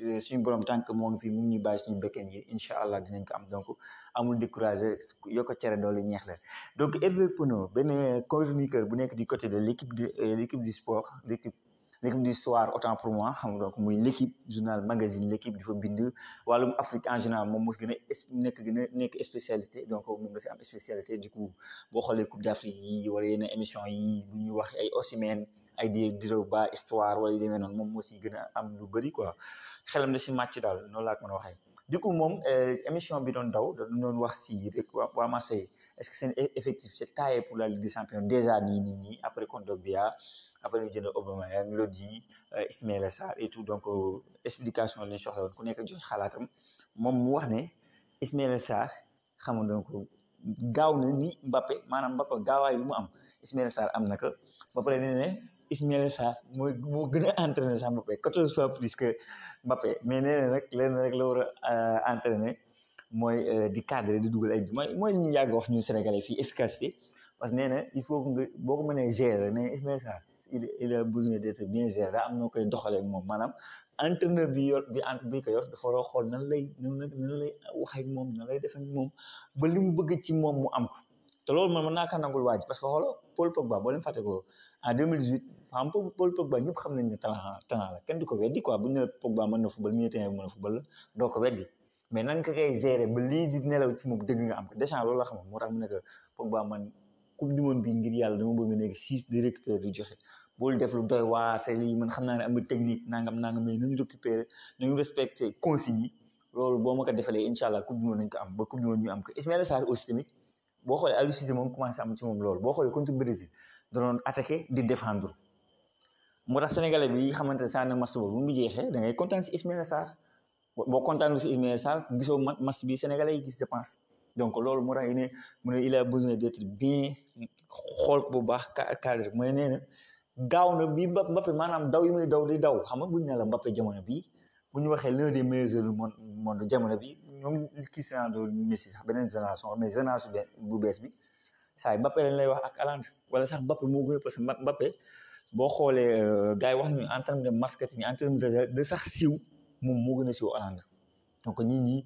Euh, suñu borom tànk moo ngi fi mu ngi ñuy bàyyi suñu bëkkeen yi incha allah dinañ ko am donc amul découragé yokk cere doole ñeex la donc Hervé Penaud benn chroniqueur bu nekk du côté de l' équipe l'équipe euh, l' équipe du sport l' équipe l' équipe du soir autant pour moi xam donc muy l' équipe journal magazine l' équipe fa bind wàllum Afrique en général moom moo si gën a nekk gën a nekk spécialité donc moom nga si am spécialité du coup boo xoolee Coupe d' Afrique yi wala yenn émission yi bu ñu wax ay Osimène ay Diego ba histoire wala yu demee noonu moom moo si gën a am lu bëri quoi xelam da si màcc daal noonu laa ko mën a waxee du coup moom euh, émission bi doon daw da doon wax si rek waa waa Marseille est-ce que seen e, effectif c'est taillé pour la Ligue des Champions déjà nii nii nii après Kondogbia après ñu jënd Aubameyang Lodi euh, Ismaël Sarr et tout donc euh, explication lañ soxla woon ku nekk jox xalaatam moom mu wax ne Ismaël Sarr xam nga donc gaaw na ni Mbappé maanaam Mbappé gaawaay bi mu am. Ismaïla Sarr am na ko ba pare nee ne Ismaïla mooy moo gën a entraîné sax Mbappé quatorze fois plus que Mbappé mais nee na lenn rek la war a euh, entraîné mooy euh, di cadré di dugal ay bi mooy mooy ñu yàgg wax ñun Sénégalais fii efficacité parce que nee na il faut nga boo ko mënee gérer nee na Ismaïla Sarr il il a besoin d'être am noo koy doxalee moom maanaam entraîneur bi yor bi ent bi ko yor dafa war a xool nan lay nan lay moom na lay defee ak moom ba li mu bëgg ci moom mu am te loolu man mën naa kaa nangul waa ji parce que xoolal Paul Pogba boo leen fàtte ko en 2018 xam nga Paul Pogba ñëpp xam ne talent talent la kenn du ko weddi ko weddi mais nan nga koy ba lii di nelaw ci moom dëgg nga am ko Deschamps la xam coupe du monde bi yàlla dama bëgg nga nekk six de récupérer du joxe boolu def lu doy waa c'est am na technique nangam nangam mais loolu boo ma ko defalee incha allah coupe du monde nañ am ko Ismaïla Sarr aussi boo xoolee Aliou Cissé moom commencé am ci moom loolu boo xoolee contre Brésil da attaqué di défendre moo tax sénégalais bi xamante ne saa ne match boobu bu mu jeexee da ngay kontaan si Ismaïla sar. boo kontaanul si Ismaïla sar gisoo match bi sénégalais yi gis je pense donc loolu moo tax ne mu ne il a besoin d' être bien xool ko bu baax cadre mooy nee na gaaw na bi Mbappé maanaam daw yi muy daw di daw xam nga buñ ne la Mbappé jamono bii bu ñu waxee l'un des meilleurs du monde jamono ñoom kii Ronaldo Messi sax benen génération mais génération bu bees bi saa yi Mbappé lañ lay wax ak Haaland wala sax Mbappé moo gën a parce que Mbappé boo xoolee gars yi wax nañu en terme de marketing en terme de de sax siiw moom moo gën a siiw Haaland donc ñii ñii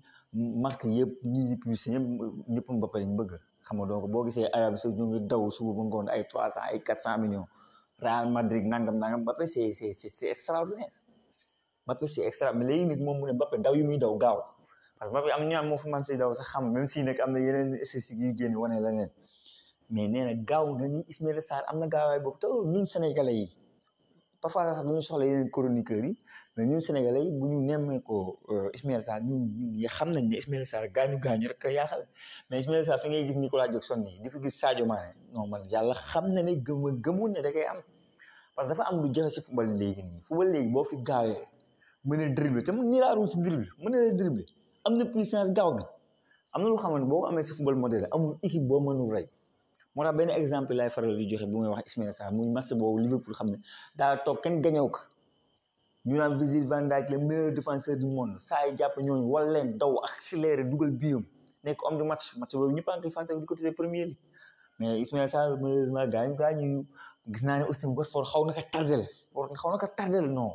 marque yëpp ñii ñi publicité yëpp ñëpp Mbappé lañ bëgg xam nga donc boo gisee Arabie Saoudite ñu ngi daw suba ba ngoon ay trois ay millions Real Madrid nangam nangam Mbappé c'est c'est c'est extraordinaire Mbappé c'est extra mais léegi nit moom mu ne Mbappé daw yi muy daw gaaw parce que ba bi am ñaan moo fi man si daw sax xam même si nag am na yeneen statistiques yu génn wane la neen mais nee na gaaw na ni Ismaïla Sarr am na gaawaay boobu te loolu ñun sénégalais yi parfois sax du ñu soxla yeneen chroniqueurs yi mais ñun sénégalais bu ñu nemmee ko euh, Ismaïla Sarr ñun xam nañ ne Ismaïla Sarr gaañu gaañu rek yaaxal mais Ismaïla Sarr fi ngay gis Nicolas Jackson nii di fi gis Sadio Mané non man yàlla xam na ne gëm gëmul ne da koy am parce que dafa am lu jafe si football léegi nii football léegi boo fi gaawee mën a dribble te mu nii laa doon si dribble mën a dribble am na puissance gaaw na am na lu xamante boo ko amee si football moderne amul équipe boo mënul rey moo tax benn exemple laay faral di joxe bu may wax Ismaïla Sarr muy match boobu Liverpool xam ne daa toog kenn gañew ko ñu naan Virgil van Dijk le meilleur défenseur du saa yi jàpp ñooñu wala leen daw accéléré dugal biam nekk homme du match match boobu ñëpp a ngi koy fàttali di ko tuddee premier li mais Ismaïla gis naa ne Austin Watford xaw na ko tardel xaw na ko tardel noo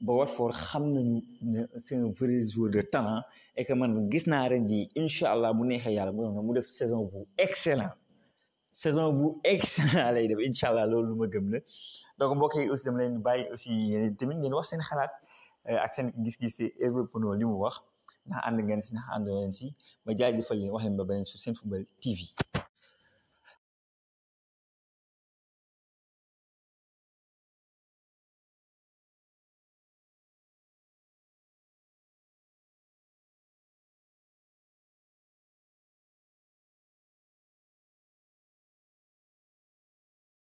بوفر خمن سين فري جور دو تان اي كمان غيسنا رندي ان شاء الله مو نيه يالا مو نمو ديف سيزون بو اكسلان سيزون بو اكسلان لاي ديف ان شاء الله لول ما گم لا دونك مبوكي اوس دم لين باي اوس تيمين دين واخ سين خلات اك سين غيس غيس سي بونو لي مو واخ نا اند غن سين اند غن سي ما جاي ديفال لي واخ مبا بن سو سين فوتبول تي في